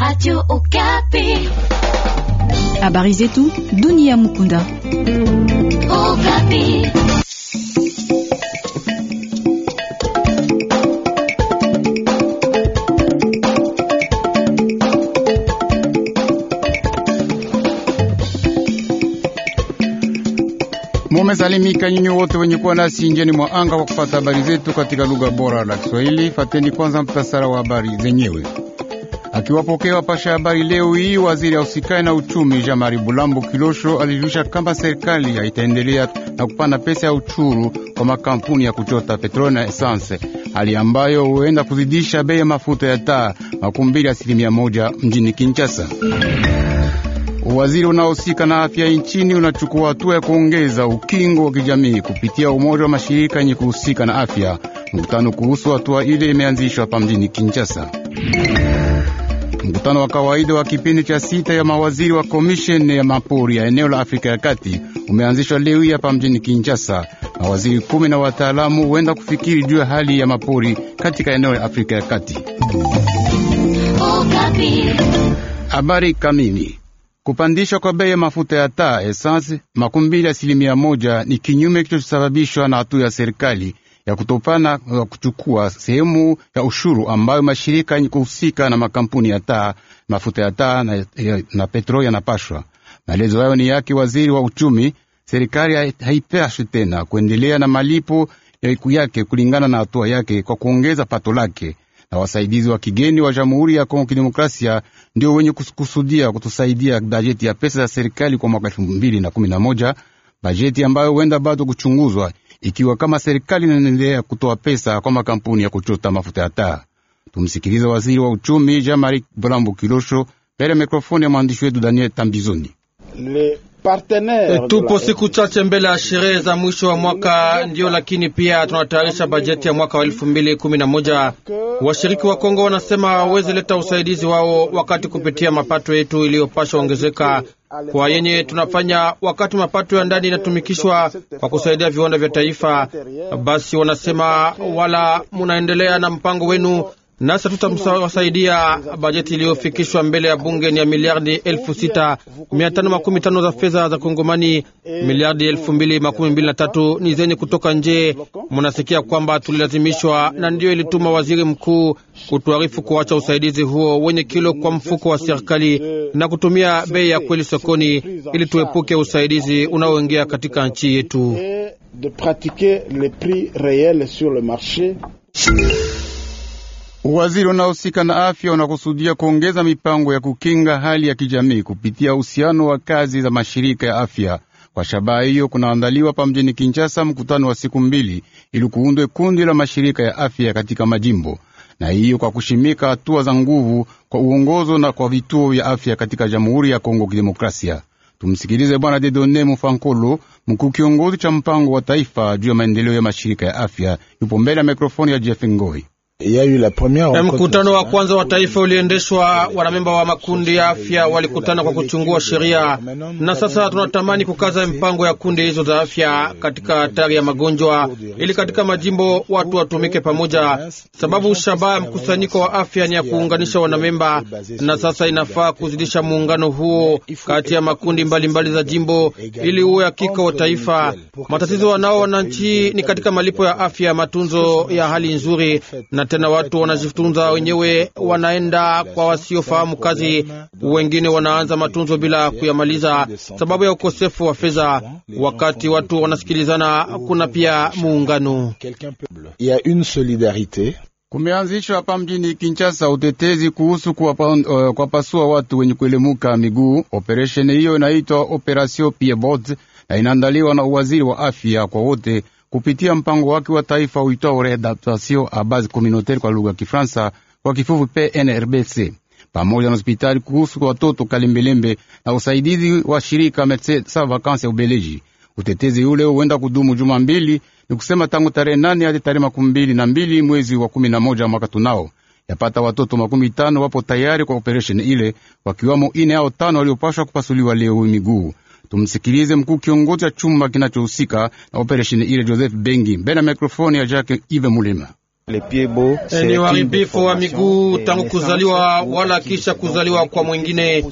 Radio Okapi. Habari zetu dunia mukunda. Okapi. Mumesalimika nyinyi wote wenye kuwa nasi njeni mwa anga kwa kufata habari zetu katika lugha bora la Kiswahili. Fateni kwanza mtasara wa habari zenyewe. Akiwapokea wapasha habari leo hii, waziri ausikai na uchumi Jamari Bulambo Kilosho alijulisha kama serikali haitaendelea na kupanda pesa ya uchuru kwa makampuni ya kuchota petroli na esanse, hali ambayo huenda kuzidisha bei ya mafuta ya taa makumi mbili asilimia moja mjini Kinshasa. Waziri unaohusika na afya nchini unachukua hatua ya kuongeza ukingo wa kijamii kupitia umoja wa mashirika yenye kuhusika na afya. Mkutano kuhusu hatua ile imeanzishwa hapa mjini Kinshasa. Mkutano wa kawaida wa kipindi cha sita ya mawaziri wa komisheni ya mapori ya eneo la Afrika ya Kati umeanzishwa leo hapa mjini Kinshasa. Mawaziri kumi na wataalamu huenda kufikiri juu ya hali ya mapori katika eneo la Afrika ya Kati. Habari kamili kupandishwa kwa bei ya mafuta ya taa esansi makumi mbili asilimia moja ni kinyume kilichosababishwa na hatua ya serikali ya kutopana wa kuchukua sehemu ya ushuru ambayo mashirika yenye kuhusika na makampuni ya taa mafuta ya taa na, na petroli yanapashwa. Maelezo hayo ni yake waziri wa uchumi. Serikali haipashwi tena kuendelea na malipo yake kulingana na hatua yake kwa kuongeza pato lake, na wasaidizi wa kigeni wa Jamhuri ya Kongo Kidemokrasia ndio wenye kusudia kutusaidia bajeti ya pesa za serikali kwa mwaka elfu mbili na kumi na moja, bajeti ambayo huenda bado kuchunguzwa ikiwa kama serikali inaendelea kutoa pesa kwa makampuni ya kuchota mafuta ya taa. Tumsikiliza waziri wa uchumi Jean Marie Kilosho mbele ya mikrofoni ya mwandishi wetu Daniel Tambizoni. Eh, tupo siku chache mbele ya sherehe za mwisho wa mwaka ndio, lakini pia tunatayarisha bajeti ya mwaka wa elfu mbili kumi na moja. Washiriki wa Kongo wanasema waweze leta usaidizi wao wakati kupitia mapato yetu iliyopasha ongezeka kwa yenye tunafanya wakati mapato ya ndani inatumikishwa kwa kusaidia viwanda vya taifa. Basi wanasema wala munaendelea na mpango wenu nasi tutawasaidia. Bajeti iliyofikishwa mbele ya bunge ni ya miliardi elfu sita mia tano makumi tano za fedha za Kongomani, miliardi elfu mbili makumi mbili na tatu ni zenye kutoka nje. Mnasikia kwamba tulilazimishwa, na ndiyo ilituma waziri mkuu kutuarifu kuacha usaidizi huo wenye kilo kwa mfuko wa serikali na kutumia bei ya kweli sokoni, ili tuepuke usaidizi unaoingia katika nchi yetu. Uwaziri unaohusika na afya unakusudia kuongeza mipango ya kukinga hali ya kijamii kupitia uhusiano wa kazi za mashirika ya afya. Kwa shabaha hiyo, kunaandaliwa pa mjini Kinshasa mkutano wa siku mbili ili kuundwe kundi la mashirika ya afya katika majimbo, na hiyo kwa kushimika hatua za nguvu kwa uongozo na kwa vituo vya afya katika Jamhuri ya Kongo Kidemokrasia. Tumsikilize Bwana Dedone Mufankolo, mkuu kiongozi cha mpango wa taifa juu ya maendeleo ya mashirika ya afya, yupo mbele ya mikrofoni ya Jeff Ngoi. Mkutano wa kwanza wa taifa uliendeshwa, wanamemba wa makundi ya afya walikutana kwa kuchungua sheria, na sasa tunatamani kukaza mpango ya kundi hizo za afya katika hatari ya magonjwa, ili katika majimbo watu watumike pamoja, sababu shabaha ya mkusanyiko wa afya ni ya kuunganisha wanamemba, na sasa inafaa kuzidisha muungano huo kati ya makundi mbalimbali mbali za jimbo, ili uwe hakika wa taifa. Matatizo wanao wananchi ni katika malipo ya afya, matunzo ya hali nzuri na tena watu wanajitunza wenyewe, wanaenda kwa wasiofahamu kazi, wengine wanaanza matunzo bila kuyamaliza sababu ya ukosefu wa fedha. Wakati watu wanasikilizana, kuna pia muungano. Kumeanzishwa hapa mjini Kinshasa utetezi kuhusu eh, kuwapasua uh, watu wenye kuelemuka miguu. Operesheni hiyo inaitwa Operasio Pied na inaandaliwa na uwaziri wa afya kwa wote kupitia mpango wake wa taifa uitwao readaptation a base communautaire kwa lugha ya Kifaransa, kwa kifupi PNRBC, pamoja na hospitali kuhusu watoto Kalembelembe na usaidizi wa shirika Medecins Sans Vacances ya Ubeleji. Utetezi ule huenda kudumu juma mbili, ni kusema tangu tarehe nane hadi tarehe makumi mbili na mbili mwezi wa kumi na moja mwaka tunao yapata watoto makumi tano wapo tayari kwa operesheni ile, wakiwamo ine ao tano waliopashwa kupasuliwa leo miguu. Tumsikilize mkuu kiongozi wa chumba kinachohusika na operesheni ile Joseph Bengi mbele ya mikrofoni ya Jacques Ive Mulima ni uharibifu wa miguu tangu kuzaliwa wala kisha kuzaliwa kwa mwingine.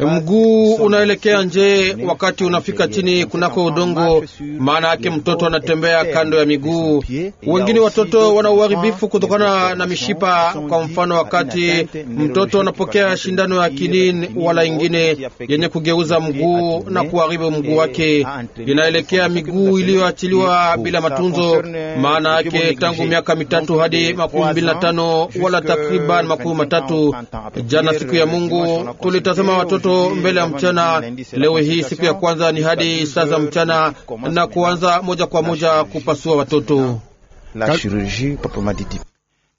Mguu unaelekea nje wakati unafika chini kunako udongo, maana yake mtoto anatembea kando ya miguu. Wengine watoto wana uharibifu kutokana na mishipa, kwa mfano wakati mtoto anapokea shindano ya kinin wala ingine yenye kugeuza mguu na kuharibu mguu wake, inaelekea miguu iliyoachiliwa bila matunzo, maana yake tangu miaka mitatu hadi makumi mbili na tano wala takriban makumi matatu. Jana siku ya Mungu tulitazama watoto mbele ya mchana. Leo hii siku ya kwanza ni hadi saa za mchana na kuanza moja kwa moja kupasua watoto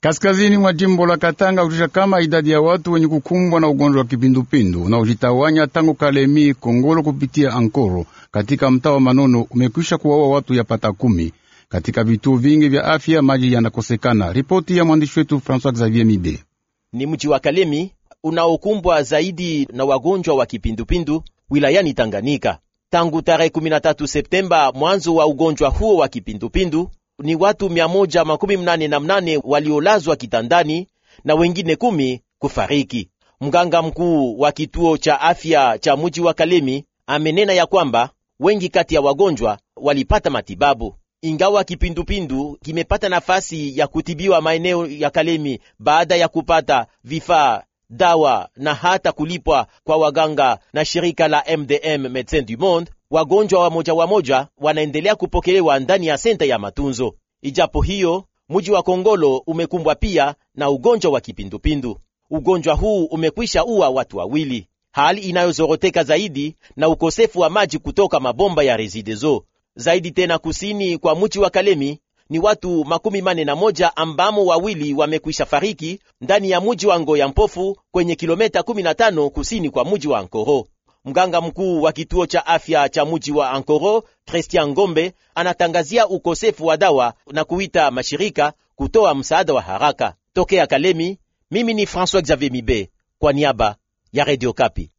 kaskazini mwa jimbo la Katanga kutisha kama idadi ya watu wenye kukumbwa na ugonjwa wa kipindupindu na ujitawanya tangu Kalemi Kongolo kupitia Ankoro katika mtaa wa Manono umekwisha kuwaua watu yapata kumi. Katika vituo vingi vya afya maji yanakosekana. Ripoti ya mwandishi wetu Francois Xavier Mibe. Ni mji wa Kalemi unaokumbwa zaidi na wagonjwa wa kipindupindu wilayani Tanganyika tangu tarehe 13 Septemba, mwanzo wa ugonjwa huo wa kipindupindu ni watu 188 waliolazwa kitandani na wengine kumi kufariki. Mganga mkuu wa kituo cha afya cha mji wa Kalemi amenena ya kwamba wengi kati ya wagonjwa walipata matibabu ingawa kipindupindu kimepata nafasi ya kutibiwa maeneo ya Kalemi baada ya kupata vifaa dawa na hata kulipwa kwa waganga na shirika la MDM Medecins du Monde, wagonjwa wa moja wa moja wanaendelea kupokelewa ndani ya senta ya matunzo. Ijapo hiyo, mji wa Kongolo umekumbwa pia na ugonjwa wa kipindupindu. Ugonjwa huu umekwisha uwa watu wawili, hali inayozoroteka zaidi na ukosefu wa maji kutoka mabomba ya Rezidezo. Zaidi tena kusini kwa mji wa Kalemi ni watu makumi mane na moja ambamo wawili wamekwisha fariki ndani ya mji wa Ngoya Mpofu kwenye kilometa 15 kusini kwa mji wa Ankoro. Mganga mkuu wa kituo cha afya cha mji wa Ankoro, Christian Ngombe, anatangazia ukosefu wa dawa na kuita mashirika kutoa msaada wa haraka. Tokea Kalemi, mimi ni François Xavier Mibe kwa niaba ya Radio Kapi.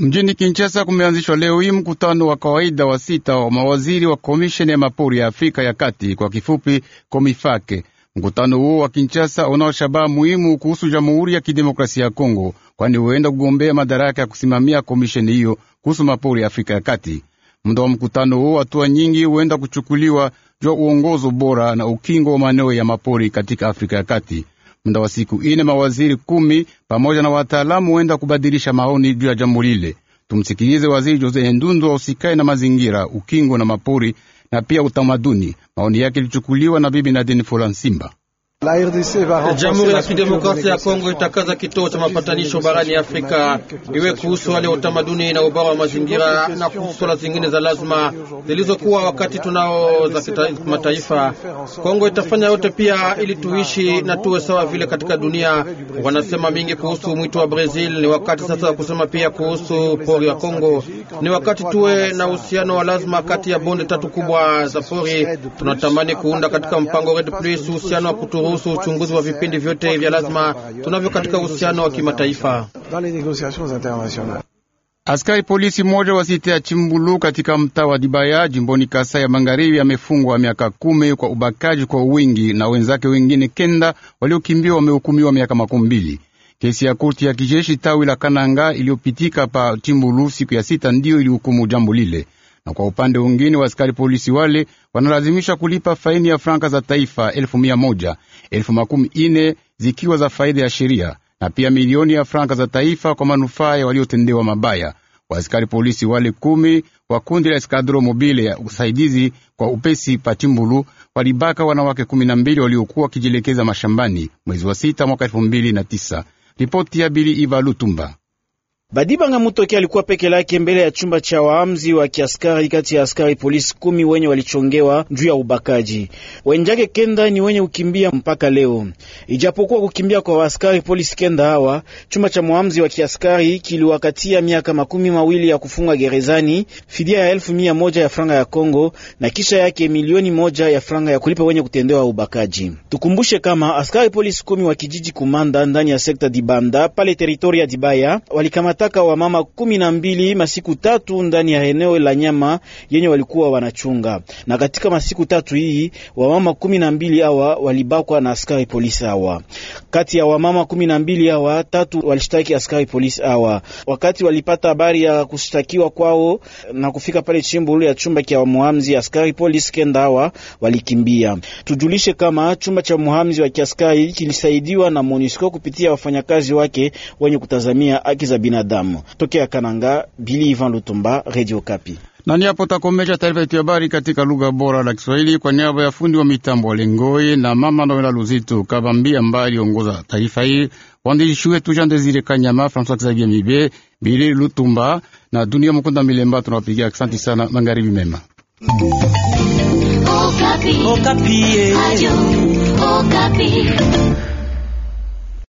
Mjini Kinshasa kumeanzishwa leo hii mkutano wa kawaida wa sita wa mawaziri wa komisheni ya mapori ya Afrika ya Kati, kwa kifupi Komifake. Mkutano huo wa Kinshasa unao shabaha muhimu kuhusu Jamhuri ya Kidemokrasia ya Kongo, kwani huenda kugombea madaraka ya kusimamia komisheni hiyo kuhusu mapori ya Afrika ya Kati. Muda wa mkutano huo, hatua nyingi huenda kuchukuliwa jwa uongozo bora na ukingo wa maeneo ya mapori katika Afrika ya Kati muda wa siku ine, mawaziri kumi pamoja na wataalamu wenda kubadilisha maoni juu ya jambo lile. Tumsikilize waziri Jose Endundu usikae na mazingira, ukingo na mapori na pia utamaduni. Maoni yake ilichukuliwa na bibi Nadine Folansimba. Jamhuri ya Kidemokrasia ya Kongo itakaza kituo cha mapatanisho barani Afrika, iwe kuhusu hali ya utamaduni na ubora wa mazingira na kuhusu swala zingine za lazima zilizokuwa wakati tunao za kimataifa. Kongo itafanya yote pia ili tuishi na tuwe sawa vile katika dunia. Wanasema mingi kuhusu mwito wa Brazil, ni wakati sasa wa kusema pia kuhusu pori ya Kongo. Ni wakati tuwe na uhusiano wa lazima kati ya bonde tatu kubwa za pori. Tunatamani kuunda katika mpango Red Plus uhusiano wa kuturu kuhusu uchunguzi wa vipindi vyote vya lazima tunavyo katika uhusiano wa kimataifa. Askari polisi mmoja wa site ya Chimbulu katika mtaa wa Dibaya jimboni Kasai ya Magharibi amefungwa miaka kumi kwa ubakaji kwa wingi na wenzake wengine kenda waliokimbia wamehukumiwa miaka makumi mbili. Kesi ya kurti ya kijeshi tawi la Kananga iliyopitika pa Chimbulu siku ya sita ndiyo ilihukumu jambo lile, na kwa upande wengine wa askari polisi wale wanalazimisha kulipa faini ya franka za taifa elfu mia moja elfu makumi ine zikiwa za faida ya sheria na pia milioni ya franka za taifa kwa manufaa ya waliotendewa mabaya. Waaskari polisi wale kumi wa kundi la eskadro mobile ya usaidizi kwa upesi Patimbulu walibaka wanawake kumi na mbili waliokuwa wakijielekeza mashambani mwezi wa sita mwaka elfu mbili na tisa. Ripoti ya Bili Iva Lutumba. Badibanga Mutoke alikuwa peke lake mbele ya chumba cha waamzi wa kiaskari kati ya askari polisi kumi wenye walichongewa juu ya ubakaji. Wenjake kenda ni wenye kukimbia mpaka leo. Ijapokuwa kukimbia kwa waaskari polisi kenda hawa, chumba cha mwamzi wa kiaskari kiliwakatia miaka makumi mawili ya kufunga gerezani, fidia ya elfu mia moja ya franga ya Kongo na kisha yake milioni moja ya franga ya kulipa wenye kutendewa ubakaji. Tukumbushe kama askari polisi kumi wa kijiji Kumanda ndani ya sekta Dibanda pale teritoria Dibaya walikama kuwataka wamama kumi na mbili masiku tatu ndani ya eneo la nyama yenye walikuwa wanachunga, na katika masiku tatu hii wamama kumi na mbili hawa walibakwa na askari polisi hawa. Kati ya wamama kumi na mbili hawa tatu walishtaki askari polisi hawa. Wakati walipata habari ya kushtakiwa kwao na kufika pale chimbo ya chumba cha muhamzi, askari polisi kenda hawa walikimbia. Tujulishe kama chumba cha muhamzi wa kiaskari kilisaidiwa na MONUSCO kupitia wafanyakazi wake wenye kutazamia haki za binadamu binadamu. Tokea Kananga, Bili Ivan Lutumba, Radio Kapi. Na ni hapo takomesha taarifa yetu ya habari katika lugha bora la Kiswahili kwa niaba ya fundi wa mitambo wa Lengoi na mama Noela Luzitu Kabambi ambaye aliongoza taarifa hii, waandishi wetu Jean Desire Kanyama, François Xavier Mibe, Bili Lutumba na Dunia Mukunda Milemba. Tunawapigia asante sana, magharibi mema. Okapi. Oh, Okapi. Oh, eh.